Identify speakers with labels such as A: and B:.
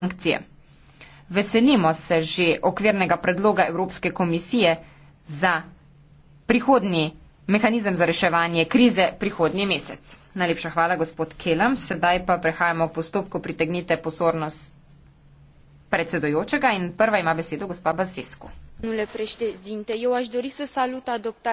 A: sankcije. Veselimo se že okvirnega predloga Evropske komisije za prihodnji mehanizem za reševanje krize prihodnji mesec. Najlepša hvala, gospod Kelam. Sedaj pa prehajamo v postopku pritegnite pozornost predsedojočega in prva ima besedo gospa Basesko.